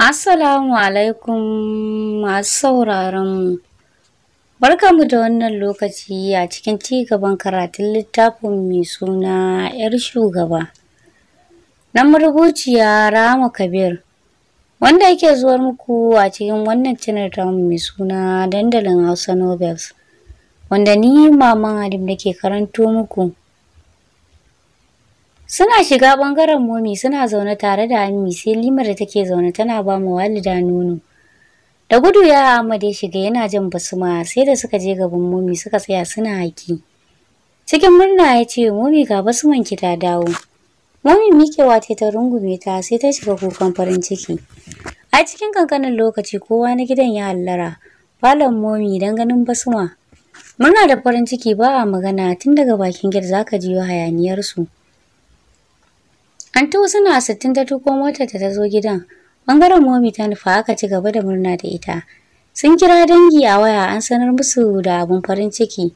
Assalamu alaikum masu Barka, mu da wannan lokaci a cikin ci gaban karatun littafin mai suna 'yar shugaba. Na marubuciya Rama Kabir, wanda yake zuwar muku a cikin wannan cinar mai suna dandalin Hausa Nobels, wanda ni Maman halim da ke karanto muku. Suna shiga ɓangaren momi suna zaune tare da Ammi sai Limar da take zaune tana ba mu walida nono. Da gudu ya Ahmad ya shiga yana jin basuma sai da suka je gaban momi suka tsaya suna haki. Cikin murna ya ce momi ga basuman ki ta dawo. Momi mikewa ta ta rungume ta sai ta shiga kukan farin ciki. A cikin kankanin lokaci kowa na gidan ya hallara. Falon momi don ganin basuma. Muna da farin ciki ba a magana tun daga bakin gida zaka jiyo hayaniyarsu. su. Antu suna sittin ta tuko motar ta zo gidan. Bangaren momi ta nufa aka ci gaba da murna da ita. Sun kira dangi a waya an sanar musu da abun farin ciki.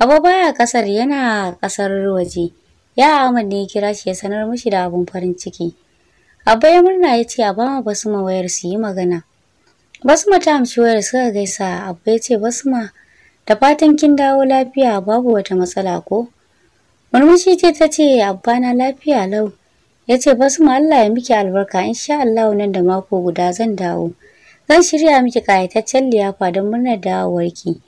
Abu baya kasar yana kasar waje. Ya Ahmad ne kira shi ya sanar mushi da abun farin ciki. Abba ya murna ya ce a ba ma wayar su yi magana. Basma ta amshi wayar suka gaisa Abba ya ce Basma da fatan kin dawo lafiya babu wata matsala ko? Murmushi ce ta ce Abba na lafiya lau. ya ce basma Allah ya miki albarka insha Allah nan da mako guda zan dawo zan shirya miki kayataccen liyafa don murnar dawowarki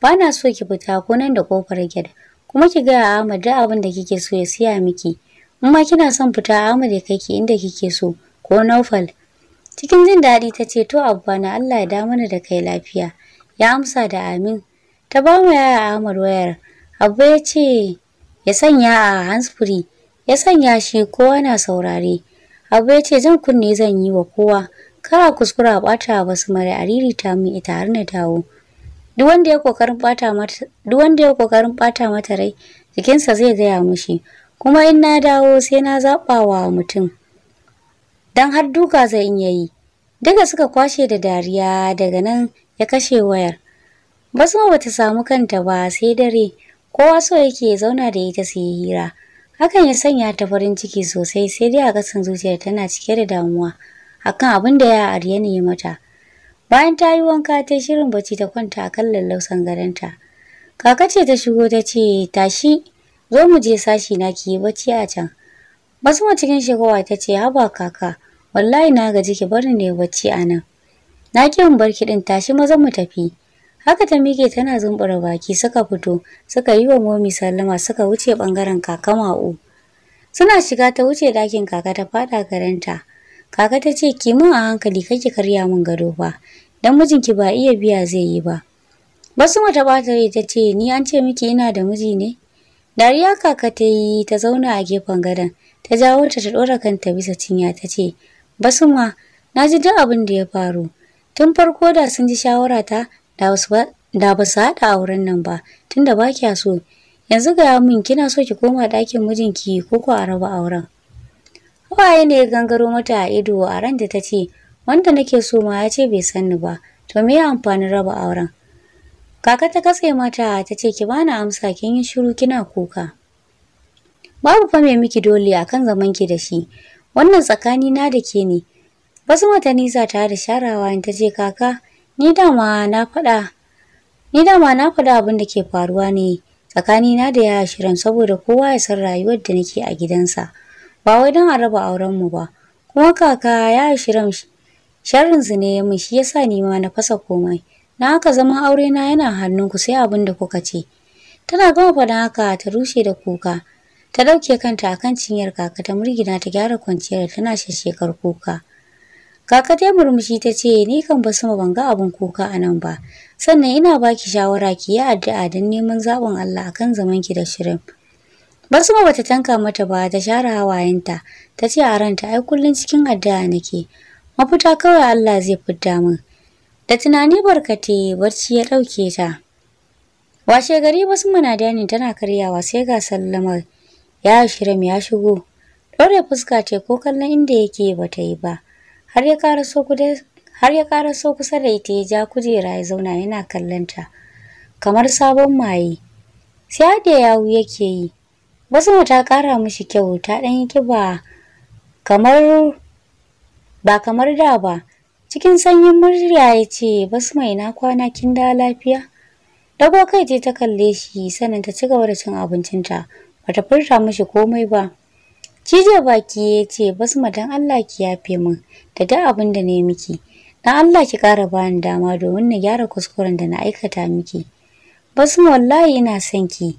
ba na so ki fita ko nan da kofar gida kuma ki gaya a Ahmad da abin da kike so ya siya miki in ma kina son fita Ahmad ya kai ki inda kike so ko Naufal cikin jin daɗi ta ce to abba na Allah ya da mana da kai lafiya ya amsa da amin ta ba mu yaya Ahmad wayar abba ya ce ya sanya a hands ya sanya shi kowa na saurare. Abu ya ce zan kunne zan yi wa kowa, kara kuskura ɓata su mara ariri ta min ita har na dawo. Duk wanda ya kokarin ɓata mata, rai, jikinsa zai gaya mishi, kuma in na dawo sai na zaɓa wa mutum. Dan har duka zai iya yi. Daga suka kwashe da dariya daga nan ya kashe wayar. Basma bata samu kanta ba sai dare, kowa so yake zauna da ita su yi hira. Hakan ya sanya ta farin ciki sosai sai dai a kasan zuciyar tana cike da damuwa akan abin da ya aryani yi mata. Bayan ta yi wanka ta shirin bacci ta kwanta a kan lallausan gadonta. Kaka ce ta shigo ta ce tashi zo mu je sashi na ki yi bacci a can. ma cikin shigowa ta ce haba kaka wallahi na gaji ki barin ne bacci a nan. Na ki in bar ki din tashi maza mu tafi. Haka ta mike tana zumbura baki suka fito, suka yi wa momi sallama suka wuce bangaren kaka ma'u. Suna shiga ta wuce dakin kaka ta fada garanta. Kaka ta ce ki mun a hankali kake karya mun gado fa, dan mijinki ba iya biya zai yi ba. Basuma ta bata rai ta ce ni an ce miki ina da miji ne? Dariya kaka ta yi ta zauna a gefen gadon, ta jawo ta ta ɗora kanta bisa cinya ta ce, Basuma, na ji duk abin da ya faru. Tun farko da sun ji shawara ta. da ba su haɗa auren nan ba tun da ba kya so yanzu ga min kina so ki koma ɗakin mijinki ko ko a raba auren hawaye ne ya gangaro mata a ido a ran da ta ce wanda nake so ma ya ce bai san ni ba to me ya amfanin raba auren kaka ta katse mata ta ce ki bani amsa kin yi shiru kina kuka babu fa me miki dole akan zaman ki da shi wannan tsakani na da ke ne wasu nisa tare da sharawa in ta ce kaka ni dama na faɗa ni dama na faɗa abin da ke faruwa ne tsakanina da yaya shirin saboda kowa ya san rayuwar da nake a gidansa ba wai don a raba aurenmu ba kuma kaka ya shirin su ne ya shi yasa ni ma na fasa komai na aka zama aure na yana hannunku sai abin da kuka ce tana gama faɗin haka ta rushe da kuka ta ɗauke kanta akan cinyar kaka ta murgina ta gyara kwanciyar tana shashekar kuka Kaka dai murmushi ta ce ni kan ba sama ban ga abin kuka a nan ba. Sannan ina baki shawara ki yi addu'a don neman zaɓin Allah akan zaman ki da shirin. Basma bata tanka mata ba ta share hawayenta ta ce a ranta ai kullun cikin addu'a nake. Mafuta kawai Allah zai fidda min. Da tunani barkate barci ya ɗauke ta. Washe gari Basma na dani tana karyawa sai ga sallamar. Ya shirin ya shigo. Ɗore fuska ce ko kallon inda yake bata yi ba. har ya karaso so kusa da ita ya ja kujera ya zauna yana kallon kamar sabon maye sai hadiya yawu yake yi wasu ta kara mishi kyau ta dan yi kiba kamar ba kamar da ba cikin sanyin murya ya ce mai na kwana kin da lafiya dago kai ce ta kalle shi sanin ta ci gaba da cin abincinta bata furta mishi komai ba Cije baki ya ce basma dan Allah ki yafe min da duk abin da na yi miki. na Allah ki ƙara bani dama domin na gyara kuskuren da na aikata miki. Basma wallahi ina son ki.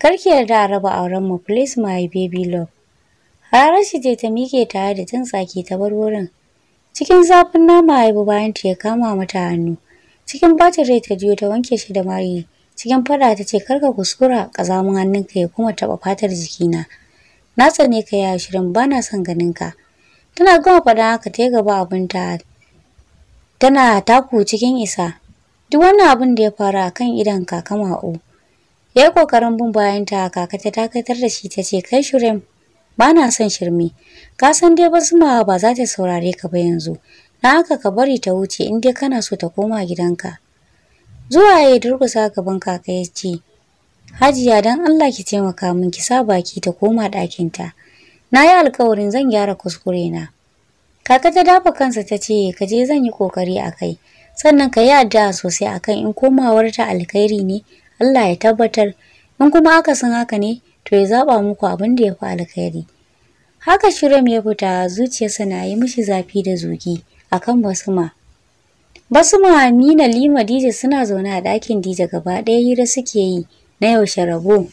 Kar ki yarda a raba auren mu please my baby love. Harar shi ta mike tare da jin tsaki ta bar wurin. Cikin zafin nama ya bayan ta ya kama mata hannu. Cikin bacin rai ta jiyo ta wanke shi da mari. Cikin fada ta ce karka kuskura ƙazamin hannunka ya kuma taɓa fatar jikina. na tsane ka ya shirin ba na son ganin ka tana gama faɗa haka ta gaba abinta tana taku cikin isa duk wannan abin da ya faru a kan idon kaka ma'o ya yi ƙoƙarin bin bayanta kaka ta dakatar da shi ta ce kai shirin ba na son shirme ka san dai ma ba za ta saurare ka ba yanzu na haka ka bari ta wuce in dai kana so ta koma gidanka zuwa ya yi durƙusa gaban kaka ya ce Hajiya dan Allah ki taimaka min ki sa baki ta koma ɗakinta. Na yi alkawarin zan gyara kuskure na. Kaka ta dafa kansa ta ce ka je zan yi kokari a kai. Sannan ka yi addu'a sosai akan in komawar ta alkhairi ne Allah ya tabbatar in kuma aka san haka ne to ya zaba muku abin da ya fi alkhairi. Haka Shirem ya fita zuciyarsa na yi mishi zafi da zugi akan basuma. Basuma Amina Lima Dije suna zaune a ɗakin Dija gaba ɗaya hira suke yi. na yaushe rabo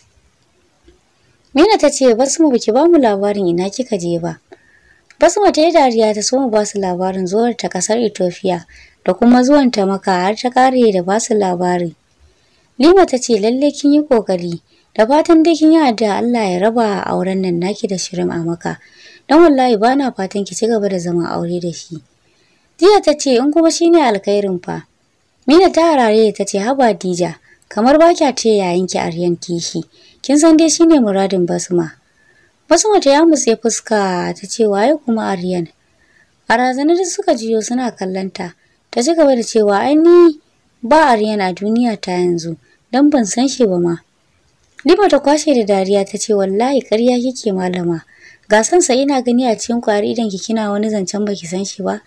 Mina ta ce Basma baki ba mu labarin ina kika je ba Basma ta yi dariya ta so mu ba labarin zuwar ta kasar Ethiopia da kuma zuwan ta maka har ta kare da ba su labari Lima ta ce lalle kin yi kokari da fatan dai kin yi addu'a Allah ya raba a auren nan naki da shirin a maka don wallahi ba na fatan ki ci gaba da zaman aure da shi Jiya ta ce in kuma shi ne alkhairin fa. Mina ta harare ta ce haba Dija, kamar ba kya ce ki aryan kishi kin san dai shine muradin basma basma ta ya mutse fuska ta ce waye kuma aryan a razanar da suka jiyo suna kallanta ta ci gaba da cewa ai ni ba aryan a duniya ta yanzu dan ban san shi ba ma Lima ta kwashe da dariya ta ce wallahi ƙarya kike malama ga sa ina gani a cikin kwari idan ki kina wani zancen baki san shi ba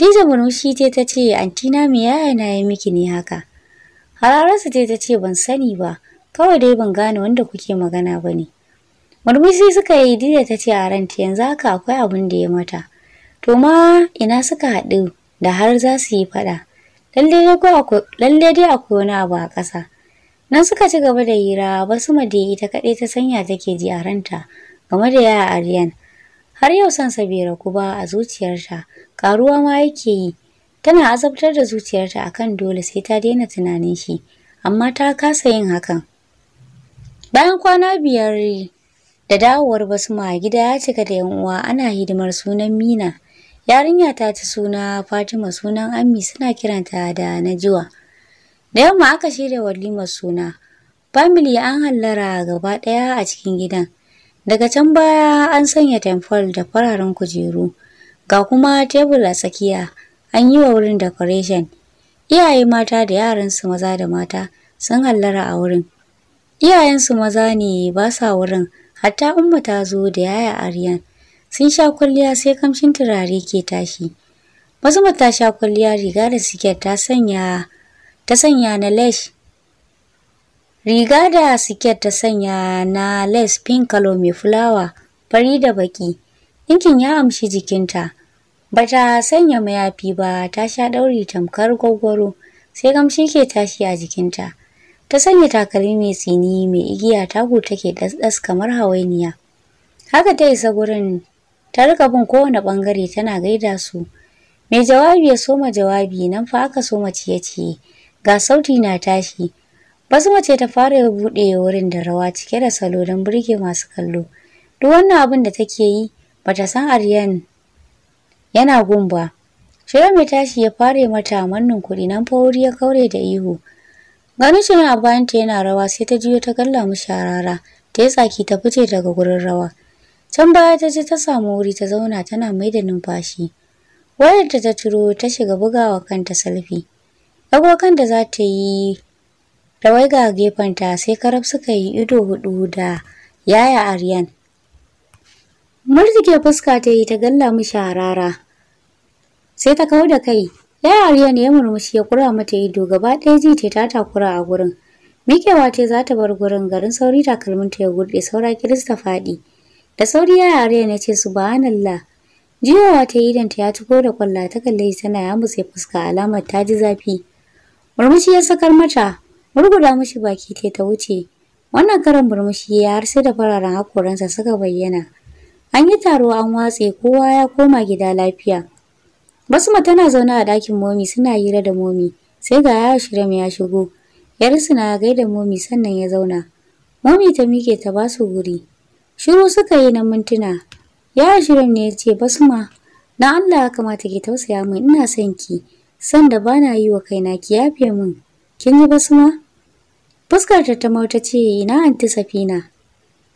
Dija murmushi ce ta ce antina me yaya na yi miki ne haka Harararsa ta ce ban sani ba, kawai dai ban gane wanda kuke magana ba ne. Murmushi suka yi Dida ta ce a ranta yanzu haka akwai abin da ya mata. To ma ina suka haɗu da har za su yi faɗa. Lallai dai akwai wani abu a ƙasa. Nan suka ci gaba da hira ma dai ita kaɗai ta sanya take ji a ranta game da yaya Aryan. Har yau san sabira bai ba a zuciyarta, karuwa ma yake yi. Tana azabtar da zuciyarta a kan dole sai ta daina tunanin shi, amma ta kasa yin hakan. Bayan kwana biyar da dawowar basma gida ya cika da yan uwa ana hidimar sunan Mina. Yarinya ta ci suna Fatima sunan Ammi suna kiranta da na jiwa. Da yamma aka shirya walimar suna. Family an hallara gaba ɗaya a cikin gidan. Daga can baya an sanya temple da fararen kujeru. Ga kuma tebur a tsakiya. an yi wa wurin decoration iyaye mata da yaransu maza da mata sun hallara a wurin iyayensu maza ne ba sa wurin hatta umma ta zo da yaya aryan sun sha kwalliya sai kamshin turare ke tashi wasu ta sha kwalliya riga da siket ta sanya ta sanya na riga da siket ta sanya na lace pink color mai fulawa fari da baki ɗinkin ya amshi jikinta Ba ta sanya mayafi ba, ta sha ɗauri tamkar gwaggwaro, sai gamshi ke tashi a jikinta. Ta sanya takalmi mai tsini mai igiya tagu take ɗasɗas kamar hawainiya. Haka ta isa gurin, ta rika bin kowane ɓangare tana gaida su. Mai jawabi ya soma jawabi nan fa aka soma ciye-ciye, ga sauti na tashi. Wasu mace ta fara buɗe wurin da rawa cike da salo don burge masu kallo. Duk wannan abin da take yi, bata san Aryan yana gumba shirin mai tashi ya fare mata mannin kuɗi nan fa wuri ya kaure da ihu ganin shi a bayanta yana rawa sai ta juyo ta kalla mishi harara ta yi tsaki ta fice daga gurin rawa can baya ta je ta samu wuri ta zauna tana mai da numfashi wayarta ta ciro ta shiga bugawa kanta salfi ɗago kanta za ta yi rawaiga a gefenta sai karab suka yi ido hudu da yaya aryan Murtuke fuska ta yi ta galla mishi harara. Sai ta kawo da kai, ya yariya ne ya murmushi ya kura mata ido gaba ɗaya ji ta ta takura a gurin. Mikewa ce za ta bar gurin garin sauri takalminta ya gurɗe saura kirista faɗi. Da sauri ya yariya ne ce subhanallah. Jiyowa ta yi danta ya tuko da kwalla ta kalle shi tana ya mutse fuska alamar ta ji zafi. Murmushi ya sakar mata, murguda mishi baki ta ta wuce. Wannan karan murmushi ya har sai da fararen hakoransa suka bayyana. An yi taro an watse kowa ya koma gida lafiya. Basma tana zaune a ɗakin momi suna hira da momi sai ga yaya Shiram ya shigo. Yarsu na gaida momi sannan ya zauna. Momi ta mike ta ba su guri. Shiru suka yi na mintuna. Yaya Shiram ne ya ce Basma na Allah ya kamata ki tausaya min ina son ki sanda ba na yi wa kaina ki yafe min. Kin yi Basma? Fuskar ta ta ce ina anti Safina.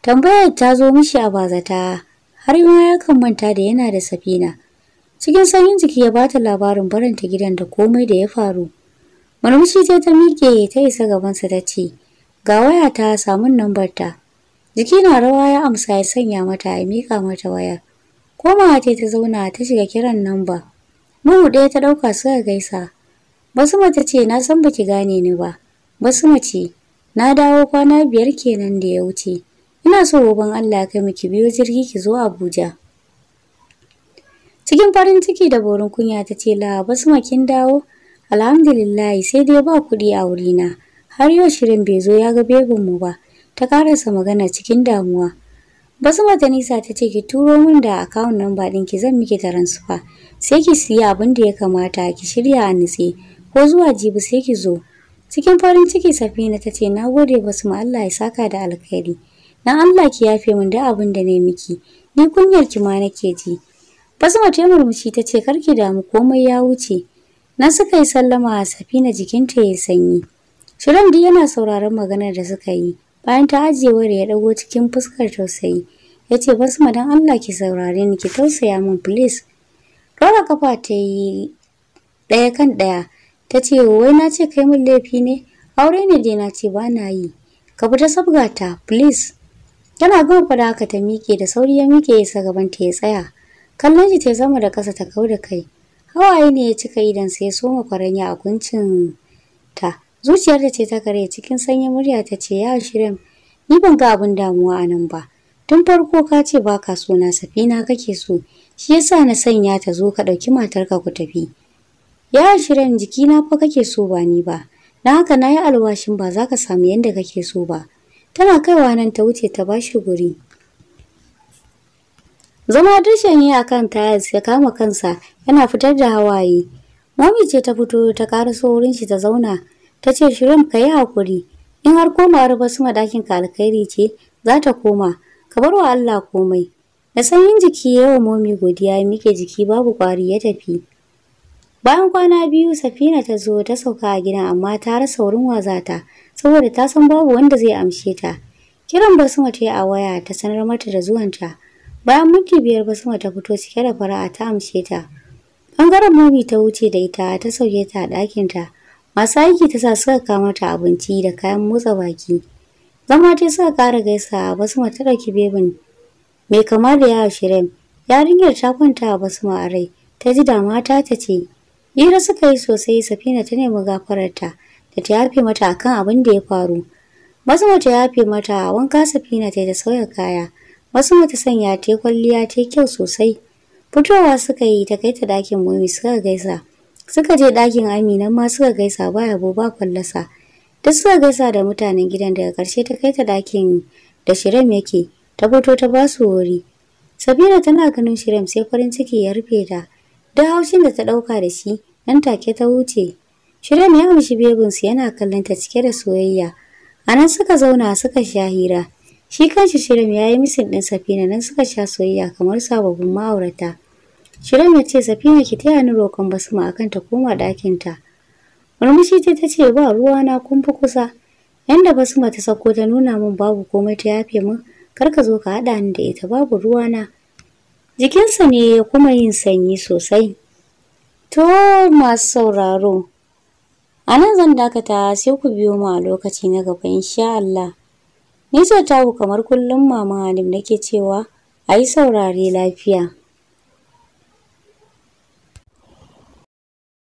Tambayar ta zo mishi a bazata. har ma yakan manta da yana da safina. Cikin sanyin jiki ya bata labarin barinta gidan da komai da ya faru. Murmushi ta ta miƙe ta isa gabansa ta ce, Ga waya ta samun nambarta. Jiki na rawa ya amsa ya sanya mata ya miƙa mata waya Komawa ta ta zauna ta shiga kiran namba. Nuhu ɗaya ta ɗauka suka gaisa. Basuma ta ce na san baki gane ni ba. Basuma ce, na dawo kwana biyar kenan da ya wuce. ina so goben Allah kai miki biyo jirgi ki zo Abuja cikin farin ciki da borin kunya ta ce la basma kin dawo alhamdulillah sai dai ba kuɗi a wurina har yau shirin bai zo ya ga mu ba ta karasa magana cikin damuwa Basu ta nisa ta ce ki turo min da akawun namba ɗin ki zan miki transfer sai ki siya abin da ya kamata ki shirya a nutse ko zuwa jibi sai ki zo cikin farin ciki safina ta ce na gode ma Allah ya saka da alkhairi na Allah ki yafe min da abin da ne miki ni kunyar ki ma nake ji Basma ta murmushi ta ce karki damu komai ya wuce na suka yi sallama a safina jikinta ya sanyi Shirin duk yana sauraron maganar da suka yi bayan ta ajiye wayar ya dago cikin fuskar tausayi ya ce Basma dan Allah ki saurare ni ki tausaya min please Rora kafa ta yi ɗaya kan ɗaya ta ce wai na ce kai min laifi ne aure ne dai na ce ba na yi ka bi ta sabgata please Tana gama fada haka ta miƙe da sauri ya miƙe ya sa ta ya tsaya. Kallon shi ta zama da kasa ta kau da kai. Hawaye ne ya cika idan sai ya soma kwaranya a kuncin ta. Zuciyar da ce ta kare cikin sanyin murya ta ce ya shirin ni ban ga abin damuwa a nan ba. Tun farko ka ce ba ka so na safina kake so, shi yasa na sanya ta zo ka ɗauki matarka ku tafi. Ya shirin jikina fa kake so ba ni ba, na haka na yi alwashin ba za ka samu yadda kake so ba. tana kaiwa nan ta wuce ta bashi guri zama dushen yi kan tiles ya kama kansa yana fitar da hawaye mami ce ta fito ta karaso wurin shi ta zauna ta ce shirin ka yi hakuri in har komawar basu madakin ka alkhairi ce za ta koma ka bar wa Allah komai da sanyin jiki yawa momi godiya ya mike jiki babu kwari ya tafi bayan kwana biyu safina ta zo ta sauka a gidan amma ta rasa wurin wazata saboda ta san babu wanda zai amshe ta. Kiran Basma ta a waya ta sanar mata da zuwanta. Bayan minti biyar basuma ta fito cike da fara'a ta amshe ta. Bangaren Mami ta wuce da ita ta sauke ta a ɗakin ta Masu aiki ta sa suka kawo mata abinci da kayan motsa baki. Zama ta suka ƙara gaisa Basma ta ɗauki bebin mai kama da yawa shirin. Yarinyar ta kwanta a Basma a rai. Ta ji da mata ta ce. Hira suka yi sosai Safina ta nemi gafararta. da ta yafe mata akan abin da ya faru. Wasu mata yafe mata wanka safina ta da sauya kaya. Wasu mata sanya ta kwalliya ta kyau sosai. Fitowa suka yi ta kai ta dakin Momi suka gaisa. Suka je dakin Amina ma suka gaisa ba yabo ba kwallasa. Duk suka gaisa da mutanen gidan daga karshe ta kai ta ɗakin da Shirem yake. Ta fito ta su wuri. safira tana ganin Shirem sai farin ciki ya rufe ta. Duk haushin da ta ɗauka da shi nan take ta wuce. Shirin ya amshi su yana kallon ta cike da soyayya. A nan suka zauna suka sha hira. Shi kanshi Shirin ya yi misin ɗin Safina nan suka sha soyayya kamar sababbin ma'aurata. Shirin ya ce Safina ki taya ni roƙon basma akan ta koma ɗakinta. Murmushi ce ta ce ba ruwa na kun fi kusa. Yanda basma ta sako ta nuna min babu komai ta yafe min kar ka zo ka haɗa ni da ita babu ruwa na. Jikinsa ne ya kuma yin sanyi sosai. To masu sauraro. A nan zan dakata sai ku biyo mu a lokaci na gaba insha Allah. Ni ce ku kamar kullum Mama Halim nake cewa a yi saurare lafiya.